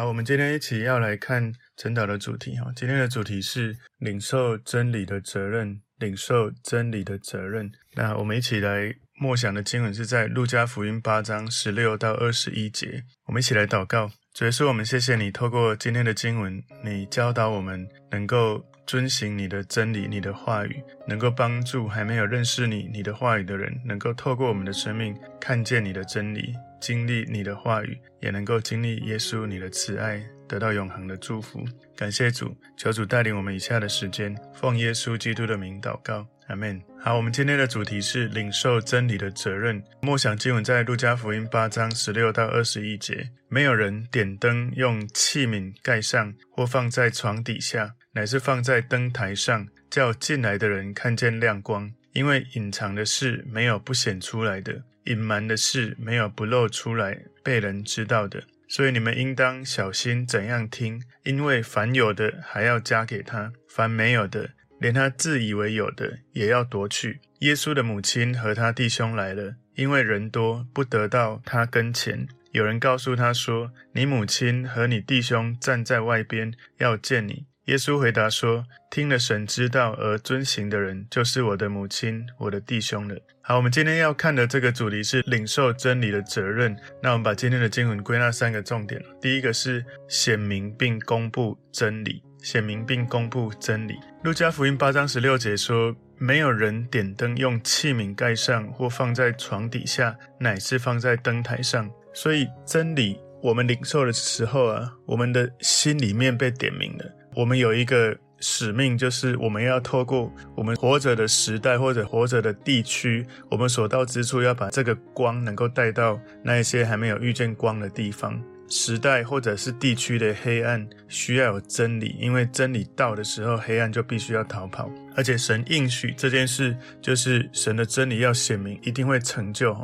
好，我們今天一起要來看晨禱的主題哈。今天的主題是領受真理的責任，領受真理的責任。那我們一起來默想的經文是在路加福音八章十六到二十一節。我們一起來禱告，主耶穌，我們謝謝你，透過今天的經文，你教導我們能夠遵行你的真理，你的話語，能夠幫助還沒有認識你，你的話語的人，能夠透過我們的生命看見你的真理。經歷你的話語，也能夠經歷耶穌你的慈愛，得到永恆的祝福。感謝主，求主帶領我們以下的時間，奉耶穌基督的名禱告，阿門。好，我們今天的主題是領受真理的責任。默想經文在路加福音八章十六到二十一節：沒有人點燈用器皿蓋上，或放在床底下，乃是放在燈台上，叫進來的人看見亮光。因為隱藏的事沒有不顯出來的。隱瞞的事沒有不露出來被人知道的，所以你們應當小心怎樣聽，因為凡有的還要加給他，凡沒有的，連他自以為有的也要奪去。耶穌的母親和他弟兄來了，因為人多，不得到他跟前。有人告訴他說：“你母親和你弟兄站在外邊，要見你。”耶穌回答說：“聽了神之道而遵行的人，就是我的母親，我的弟兄了。”好，我們今天要看的這個主題是領受真理的責任。那我們把今天的經文歸納三個重點：第一個是顯明並公布真理，顯明並公布真理。路加福音八章十六節說：“沒有人點燈用器皿蓋上，或放在床底下，乃是放在燈台上。”所以真理，我們領受的時候啊，我們的心裡面被點明了。我們有一個使命，就是我們要透過我們活着的時代或者活着的地區，我們所到之處，要把這個光能夠帶到那一些還沒有遇見光的地方。時代或者是地區的黑暗需要有真理，因為真理到的時候，黑暗就必須要逃跑。而且神應許這件事，就是神的真理要顯明，一定會成就。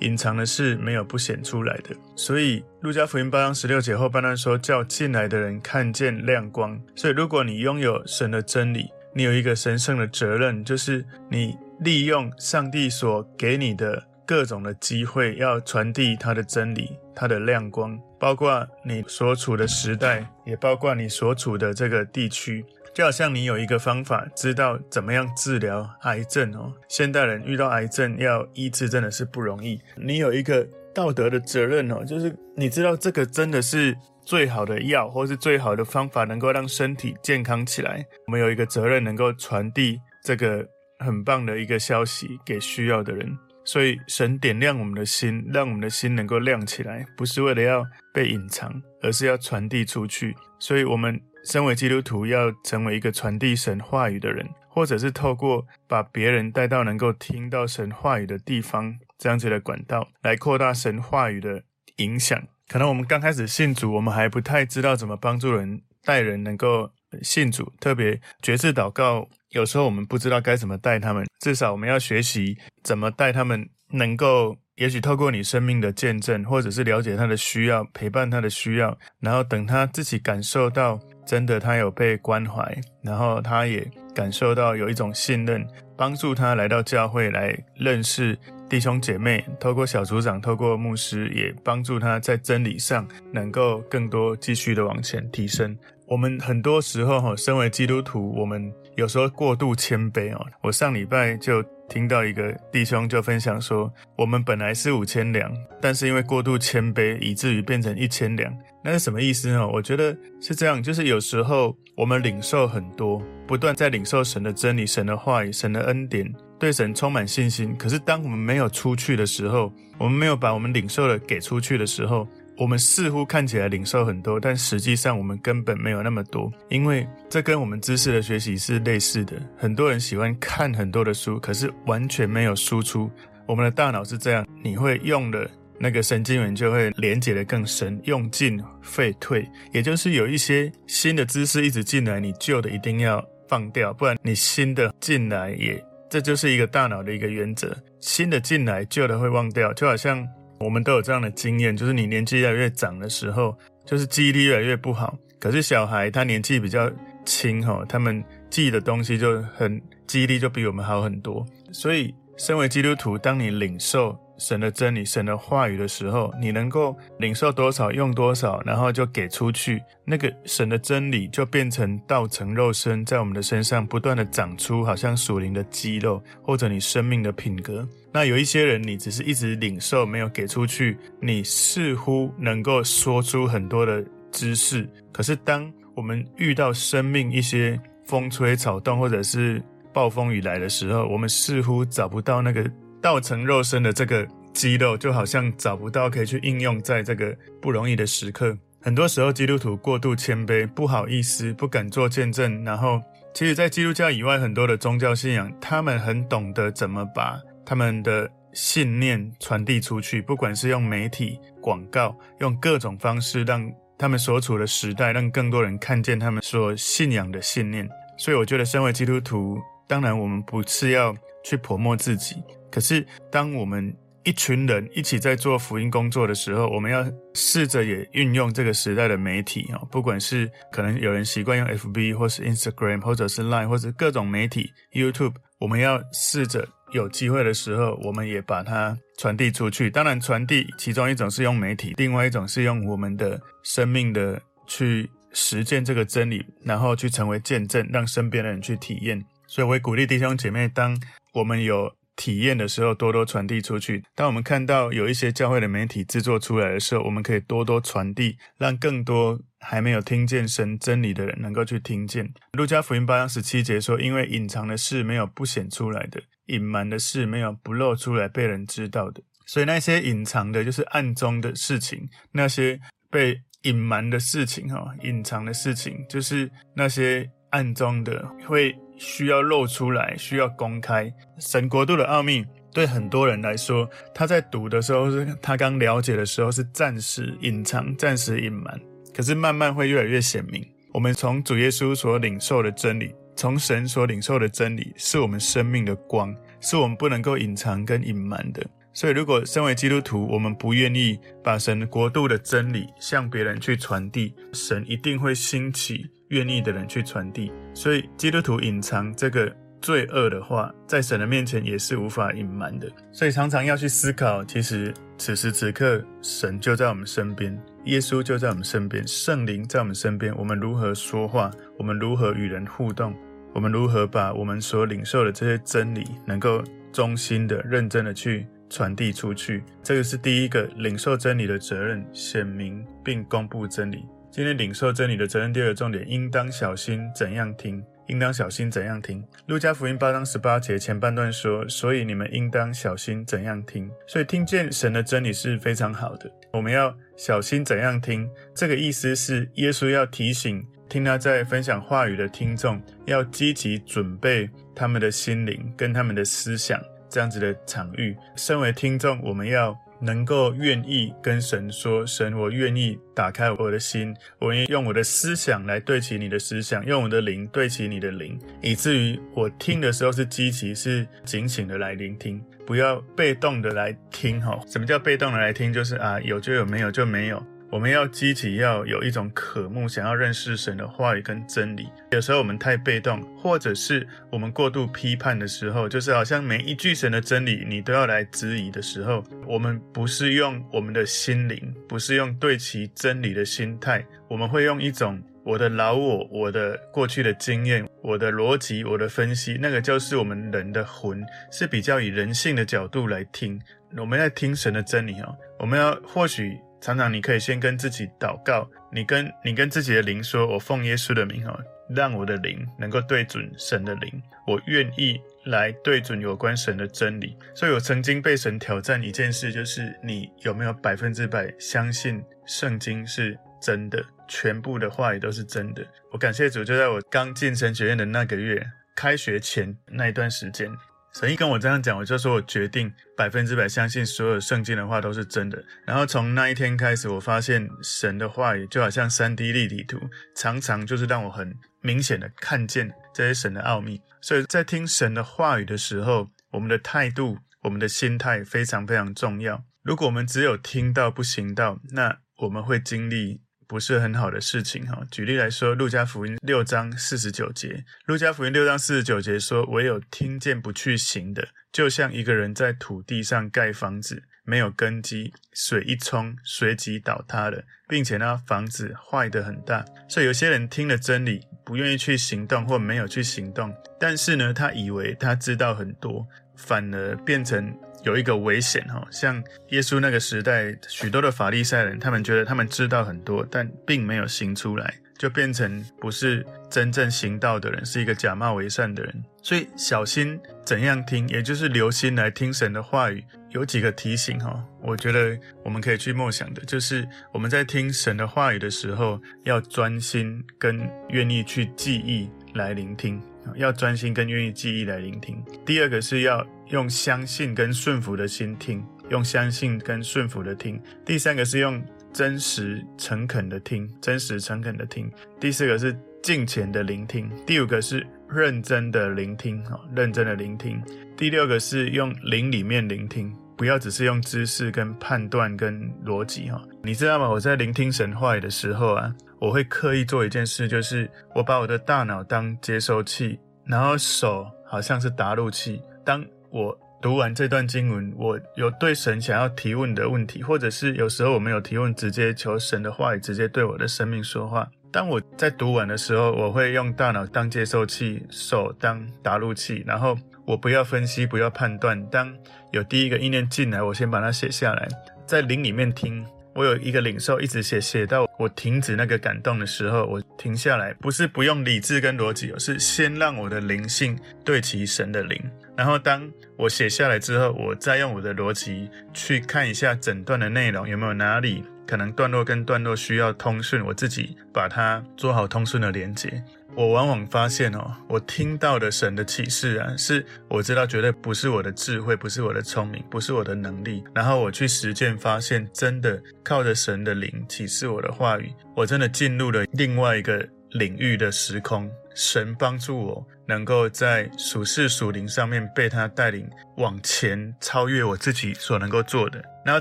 隱藏的事沒有不顯出來的，所以路加福音八章十六節後半段說，叫進來的人看見亮光。所以，如果你擁有神的真理，你有一個神聖的責任，就是你利用上帝所給你的各種的機會，要傳遞他的真理、他的亮光，包括你所處的時代，也包括你所處的這個地區。就好像你有一個方法，知道怎麼樣治療癌症哦。現代人遇到癌症要醫治，真的是不容易。你有一個道德的責任哦，就是你知道這個真的是最好的藥，或是最好的方法，能夠讓身體健康起來。我們有一個責任，能夠傳遞這個很棒的一個消息給需要的人。所以神點亮我們的心，讓我們的心能夠亮起來，不是為了要被隱藏，而是要傳遞出去。所以我們。身為基督徒，要成為一個傳遞神話語的人，或者是透過把別人帶到能夠聽到神話語的地方，這樣子的管道來擴大神話語的影響。可能我們剛開始信主，我們還不太知道怎麼幫助人帶人能夠信主。特別決志禱告，有時候我們不知道該怎麼帶他們。至少我們要學習怎麼帶他們，能夠也許透過你生命的見證，或者是了解他的需要，陪伴他的需要，然後等他自己感受到。真的，他有被關懷，然後他也感受到有一種信任，幫助他來到教會來認識弟兄姐妹，透過小組長，透過牧師，也幫助他在真理上能夠更多繼續的往前提升。我們很多時候哈，身為基督徒，我們有時候過度謙卑哦。我上禮拜就。聽到一個弟兄就分享說，我們本來是五千兩，但是因為過度謙卑，以至於變成一千兩。那是什麼意思呢？我覺得是這樣，就是有時候我們領受很多，不斷在領受神的真理、神的話語、神的恩典，對神充滿信心。可是當我們沒有出去的時候，我們沒有把我們領受的給出去的時候。我們似乎看起來領受很多，但實際上我們根本沒有那麼多，因為這跟我們知識的學習是類似的。很多人喜歡看很多的書，可是完全沒有輸出。我們的大腦是這樣，你會用了那個神經元就會連接得更深，用進廢退，也就是有一些新的知識一直進來，你舊的一定要放掉，不然你新的進來也，這就是一個大腦的一個原則：新的進來，舊的會忘掉，就好像。我們都有這樣的經驗，就是你年紀越來越長的時候，就是記憶力越來越不好。可是小孩他年紀比較輕哈，他們記的東西就很記憶力就比我們好很多。所以，身為基督徒，當你領受，神的真理、神的話語的時候，你能夠領受多少，用多少，然後就給出去。那個神的真理就變成道成肉身，在我們的身上不斷的長出，好像屬靈的肌肉，或者你生命的品格。那有一些人，你只是一直領受，沒有給出去，你似乎能夠說出很多的知識，可是當我們遇到生命一些風吹草動，或者是暴風雨來的時候，我們似乎找不到那個。道成肉身的這個肌肉，就好像找不到可以去應用在這個不容易的時刻。很多時候，基督徒過度謙卑，不好意思，不敢做見證。然後，其實，在基督教以外很多的宗教信仰，他們很懂得怎麼把他們的信念傳遞出去，不管是用媒體、廣告，用各種方式，讓他們所處的時代，讓更多人看見他們所信仰的信念。所以，我覺得，身為基督徒，當然我們不是要。去琢磨自己。可是，當我們一群人一起在做福音工作的時候，我們要試着也運用這個時代的媒體啊，不管是可能有人習慣用 FB，或是 Instagram，或者是 Line，或者是各種媒體 YouTube，我們要試着有機會的時候，我們也把它傳遞出去。當然，傳遞其中一種是用媒體，另外一種是用我們的生命的去實踐這個真理，然後去成為見證，讓身邊的人去體驗。所以，我也鼓勵弟兄姐妹，當我們有體驗的時候，多多傳遞出去。當我們看到有一些教會的媒體制作出來的時候，我們可以多多傳遞，讓更多還沒有聽見神真理的人能夠去聽見。路加福音八章十七節說：“因為隱藏的事沒有不顯出來的，隱瞞的事沒有不露出來被人知道的。”所以那些隱藏的，就是暗中的事情；那些被隱瞞的事情，哈，隱藏的事情，就是那些暗中的會。需要露出來，需要公開。神國度的奧祕，對很多人來說，他在讀的時候是，他剛了解的時候是暫時隱藏、暫時隱瞞。可是慢慢會越來越顯明。我們從主耶穌所領受的真理，從神所領受的真理，是我們生命的光，是我們不能夠隱藏跟隱瞞的。所以，如果身為基督徒，我們不願意把神國度的真理向別人去傳遞，神一定會興起願意的人去傳遞，所以基督徒隱藏這個罪惡的話，在神的面前也是無法隱瞞的。所以常常要去思考，其實此時此刻神就在我們身邊，耶穌就在我們身邊，聖靈在我們身邊。我們如何說話？我們如何與人互動？我們如何把我們所領受的這些真理，能夠忠心的、認真的去傳遞出去？這個是第一個領受真理的責任：顯明並公布真理。今天領受真理的責任，第二重點，應當小心怎樣聽，應當小心怎樣聽。路加福音八章十八節前半段說：“所以你們應當小心怎樣聽。”所以聽見神的真理是非常好的。我們要小心怎樣聽，這個意思是耶穌要提醒聽他在分享話語的聽眾，要積極準備他們的心靈跟他們的思想這樣子的場域。身為聽眾，我們要能夠願意跟神說，神，我願意打開我的心，我願意用我的思想來對齊你的思想，用我的靈對齊你的靈，以至於我聽的時候是積極，是警醒的來聆聽，不要被動的來聽。齁，什麼叫被動的來聽？就是啊，有就有，沒有就沒有。我們要積極，要有一種渴慕，想要認識神的話語跟真理。有時候我們太被動，或者是我們過度批判的時候，就是好像每一句神的真理，你都要來質疑的時候，我們不是用我們的心靈，不是用對其真理的心態，我們會用一種我的老我、我的過去的經驗、我的邏輯、我的分析，那個就是我們人的魂，是比較以人性的角度來聽。我們在聽神的真理，我們要或許。常常你可以先跟自己禱告，你跟你跟自己的靈說：“我奉耶穌的名啊，讓我的靈能夠對準神的靈，我願意來對準有關神的真理。”所以我曾經被神挑戰一件事，就是你有沒有百分之百相信聖經是真的，全部的話語都是真的？我感謝主，就在我剛進神學院的那個月，開學前那一段時間。神意，跟我這樣講，我就說，我決定百分之百相信所有聖經的話都是真的。然後從那一天開始，我發現神的話語就好像三 D 立體圖，常常就是讓我很明顯的看見這些神的奧秘。所以在聽神的話語的時候，我們的態度、我們的心態非常非常重要。如果我們只有聽到不行道，那我們會經歷。不是很好的事情哈。舉例來說，《路加福音》六章四十九節，《路加福音》六章四十九節說：“唯有聽見不去行的，就像一個人在土地上蓋房子，沒有根基，水一沖，隨即倒塌了，並且呢，房子壞得很大。”所以有些人聽了真理，不願意去行動，或沒有去行動，但是呢，他以為他知道很多，反而變成。有一個危險哈，像耶穌那個時代，許多的法利賽人，他們覺得他們知道很多，但並沒有行出來，就變成不是真正行道的人，是一個假冒為善的人。所以小心怎樣聽，也就是留心來聽神的話語。有幾個提醒哈，我覺得我們可以去默想的，就是我們在聽神的話語的時候，要專心跟願意去記憶來聆聽。要專心跟願意記憶來聆聽。第二個是要用相信跟順服的心聽，用相信跟順服的聽。第三個是用真實誠懇的聽，真實誠懇的聽。第四個是敬虔的聆聽，第五個是認真的聆聽，啊，認真的聆聽。第六個是用靈裡面聆聽。不要只是用知識跟判斷跟邏輯哈、哦，你知道嗎？我在聆聽神話語的時候啊，我會刻意做一件事，就是我把我的大腦當接收器，然後手好像是答錄器。當我讀完這段經文，我有對神想要提問的問題，或者是有時候我沒有提問，直接求神的話語，直接對我的生命說話。當我在讀完的時候，我會用大腦當接收器，手當答錄器，然後我不要分析，不要判斷。當有第一個意念進來，我先把它寫下來，在靈裡面聽。我有一個領受，一直寫寫到我停止那個感動的時候，我停下來，不是不用理智跟邏輯，是先讓我的靈性對齊神的靈。然後當我寫下來之後，我再用我的邏輯去看一下整段的內容有沒有哪裡。可能段落跟段落需要通訊，我自己把它做好通訊的連接。我往往發現哦，我聽到的神的啟示啊，是我知道絕對不是我的智慧，不是我的聰明，不是我的能力。然後我去實踐，發現真的靠着神的靈啟示我的話語，我真的進入了另外一個領域的時空。神幫助我，能夠在屬世屬靈上面被他帶領往前超越我自己所能夠做的。然後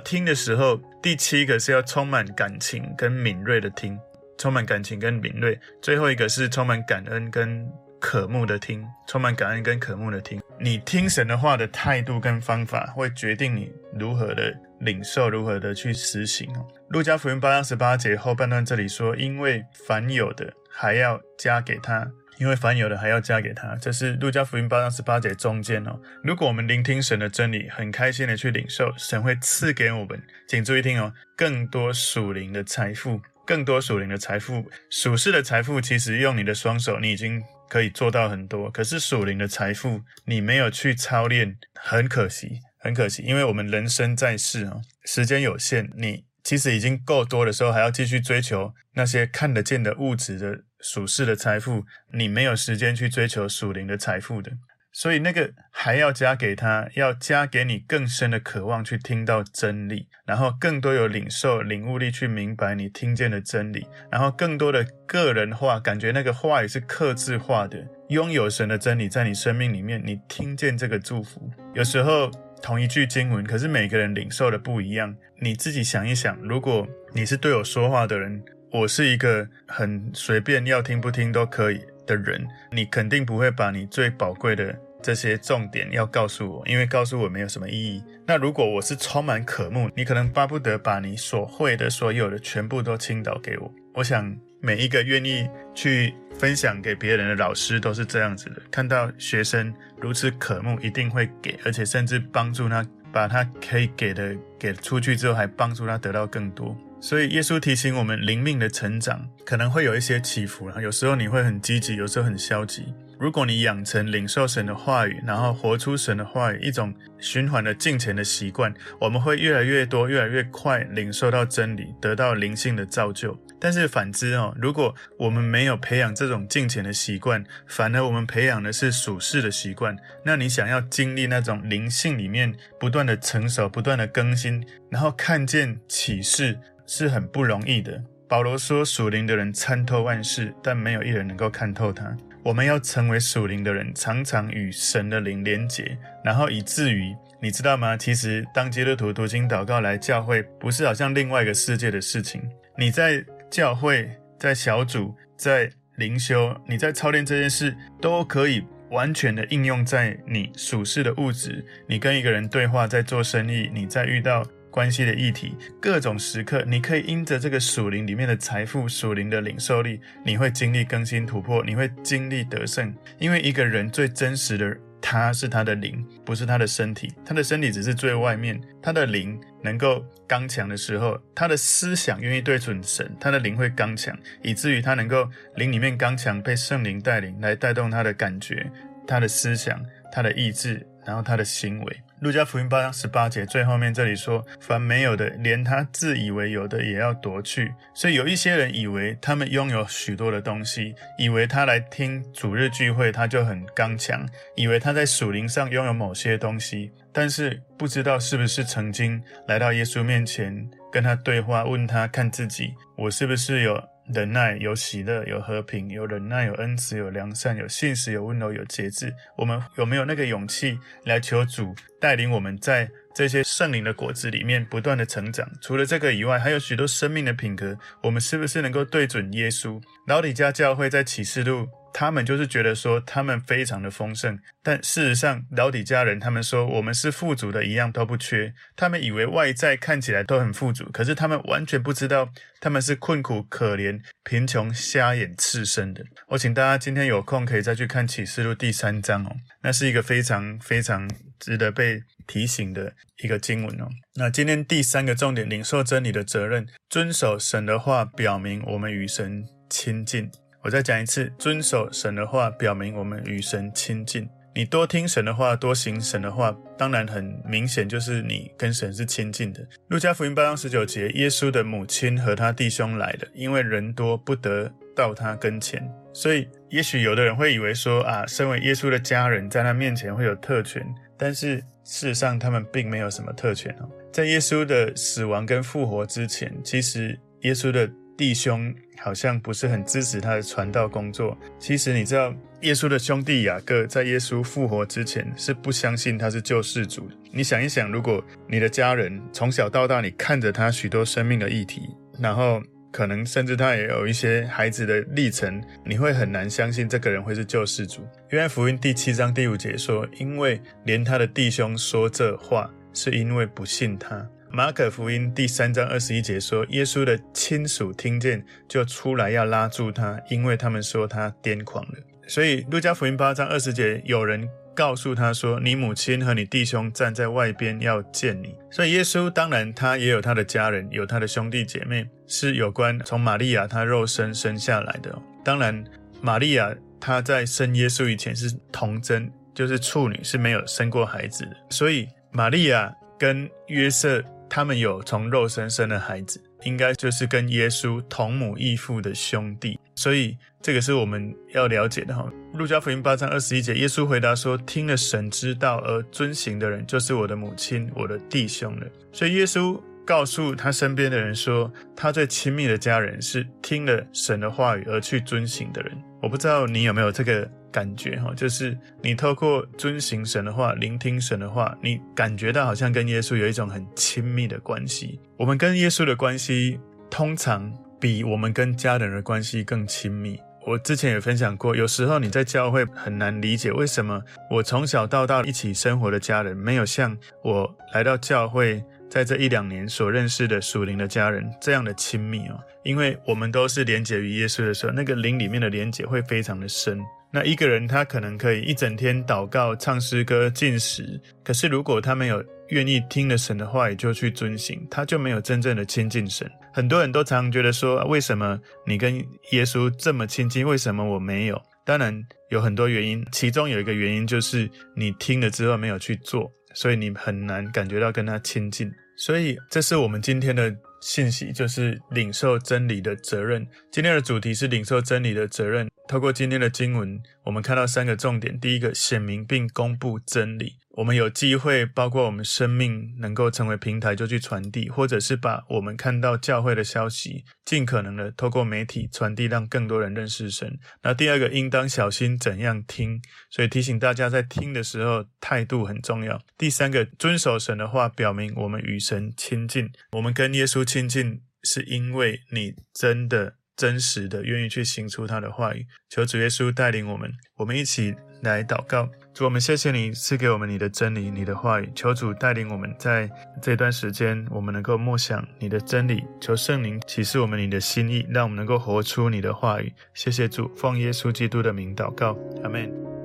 聽的時候，第七個是要充滿感情跟敏銳的聽，充滿感情跟敏銳。最後一個是充滿感恩跟渴慕的聽，充滿感恩跟渴慕的聽。你聽神的話的態度跟方法，會決定你如何的領受，如何的去實行。路加福音八章十八節後半段這裡說：因為凡有的還要加給他。因為凡有的還要加給他，這是路加福音八章十八節中間哦。如果我們聆聽神的真理，很開心的去領受，神會賜給我們。請注意聽哦，更多屬靈的財富，更多屬靈的財富，屬世的財富其實用你的雙手你已經可以做到很多。可是屬靈的財富你沒有去操練，很可惜，很可惜。因為我們人生在世哦，時間有限，你。其實已經夠多的時候，還要繼續追求那些看得見的物質的屬世的財富，你沒有時間去追求屬靈的財富的。所以那個還要加給他，要加給你更深的渴望，去聽到真理，然後更多有領受、領悟力去明白你聽見的真理，然後更多的個人化感覺，個人化，感覺那個話語是客製化的，擁有神的真理在你生命裡面，你聽見這個祝福，有時候。同一句經文，可是每個人領受的不一樣。你自己想一想，如果你是對我說話的人，我是一個很隨便，要聽不聽都可以的人，你肯定不會把你最寶貴的這些重點要告訴我，因為告訴我沒有什麼意義。那如果我是充滿渴慕，你可能巴不得把你所會的所有的全部都傾倒給我。我想。每一個願意去分享給別人的老師都是這樣子的，看到學生如此渴慕，一定會給，而且甚至幫助他，把他可以給的給出去之後，還幫助他得到更多。所以耶穌提醒我們，靈命的成長可能會有一些起伏了，有時候你會很積極，有時候很消極。如果你養成領受神的話語，然後活出神的話語，一種循環的進前的習慣，我們會越來越多，越來越快領受到真理，得到靈性的造就。但是反之哦，如果我們沒有培養這種進前的習慣，反而我們培養的是屬世的習慣，那你想要經歷那種靈性裡面不斷的成熟、不斷的更新，然後看見啟示，是很不容易的。保羅說：“屬靈的人參透萬事，但沒有一人能夠看透他。”我們要成為屬靈的人，常常與神的靈連接，然後以至於，你知道嗎？其實當基督徒讀經禱告來教會，不是好像另外一個世界的事情。你在教會、在小組、在靈修，你在操練這件事，都可以完全的應用在你屬世的物質。你跟一個人對話，在做生意，你在遇到。關係的議題，各種時刻，你可以因着這個屬靈裡面的財富、屬靈的領受力，你會經歷更新突破，你會經歷得勝。因為一個人最真實的他是他的靈，不是他的身體，他的身體只是最外面。他的靈能夠剛強的時候，他的思想願意對準神，他的靈會剛強，以至於他能夠靈裡面剛強，被聖靈帶領來帶動他的感覺、他的思想、他的意志，然後他的行為。路加福音八章十八節最後面這裡說：“凡沒有的，連他自以為有的，也要奪去。”所以有一些人以為他們擁有許多的東西，以為他來聽主日聚會他就很剛強，以為他在屬靈上擁有某些東西，但是不知道是不是曾經來到耶穌面前跟他對話，問他看自己我是不是有。忍耐，有喜樂，有和平，有忍耐，有恩慈，有良善，有信實，有溫柔，有節制。我們有沒有那個勇氣來求主帶領我們，在這些聖靈的果子裡面不斷地成長？除了這個以外，還有許多生命的品格，我們是不是能夠對準耶穌？老底嘉教會在啟示錄。他們就是覺得說他們非常的豐盛，但事實上，老底家人他們說，我們是富足的，一樣都不缺。他們以為外在看起來都很富足，可是他們完全不知道他們是困苦、可憐、貧窮、瞎眼、赤身的。我、哦、請大家今天有空可以再去看啟示錄第三章哦，那是一個非常非常值得被提醒的一個經文哦。那今天第三個重點，領受真理的責任，遵守神的話，表明我們與神親近。我再講一次，遵守神的話，表明我們與神親近。你多聽神的話，多行神的話，當然很明顯，就是你跟神是親近的。路加福音八章十九節，耶穌的母親和他弟兄來了，因為人多，不得到他跟前。所以，也許有的人會以為說，啊，身為耶穌的家人，在他面前會有特權。但是事實上，他們並沒有什麼特權哦。在耶穌的死亡跟復活之前，其實耶穌的。弟兄好像不是很支持他的傳道工作。其實你知道，耶穌的兄弟雅各在耶穌復活之前是不相信他是救世主。你想一想，如果你的家人從小到大你看着他許多生命的議題，然後可能甚至他也有一些孩子的歷程，你會很難相信這個人會是救世主。約翰福音第七章第五節說：“因為連他的弟兄說這話，是因為不信他。”馬可福音第三章二十一節說，耶穌的親屬聽見就出來要拉住他，因為他們說他癲狂了。所以路加福音八章二十節，有人告訴他說：“你母親和你弟兄站在外邊要見你。”所以耶穌當然他也有他的家人，有他的兄弟姐妹，是有關從瑪利亞他肉身生下來的。當然，瑪利亞她在生耶穌以前是童貞，就是處女，是沒有生過孩子的。所以瑪利亞跟約瑟。他們有從肉身生的孩子，應該就是跟耶穌同母異父的兄弟，所以這個是我們要了解的哈。路加福音八章二十一節，耶穌回答說：“聽了神之道而遵行的人，就是我的母親、我的弟兄了。”所以耶穌告訴他身邊的人說，他最親密的家人是聽了神的話語而去遵行的人。我不知道你有沒有這個。感覺哈，就是你透過遵行神的話、聆聽神的話，你感覺到好像跟耶穌有一種很親密的關係。我們跟耶穌的關係，通常比我們跟家人的關係更親密。我之前也分享過，有時候你在教會很難理解為什麼我從小到大一起生活的家人，沒有像我來到教會在這一兩年所認識的屬靈的家人這樣的親密哦。因為我們都是連結於耶穌的時候，那個靈裡面的連結會非常的深。那一個人他可能可以一整天禱告、唱詩歌、進食，可是如果他沒有願意聽了神的話，也就去遵行，他就沒有真正的親近神。很多人都常常覺得說，啊，為什麼你跟耶穌這麼親近，為什麼我沒有？當然有很多原因，其中有一個原因就是你聽了之後沒有去做，所以你很難感覺到跟他親近。所以這是我們今天的信息，就是領受真理的責任。今天的主題是領受真理的責任。透過今天的經文，我們看到三個重點：第一個，顯明並公布真理；我們有機會，包括我們生命能夠成為平台，就去傳遞，或者是把我們看到教會的消息，盡可能的透過媒體傳遞，讓更多人認識神。然後第二個，應當小心怎樣聽，所以提醒大家在聽的時候態度很重要。第三個，遵守神的話，表明我們與神親近；我們跟耶穌親近，是因為你真的。真實的，願意去行出他的話語。求主耶穌帶領我們，我們一起來禱告，主我們謝謝你，賜給我們你的真理，你的話語。求主帶領我們在這段時間，我們能夠默想你的真理。求聖靈啟示我們你的心意，讓我們能夠活出你的話語。謝謝主，奉耶穌基督的名禱告，阿門。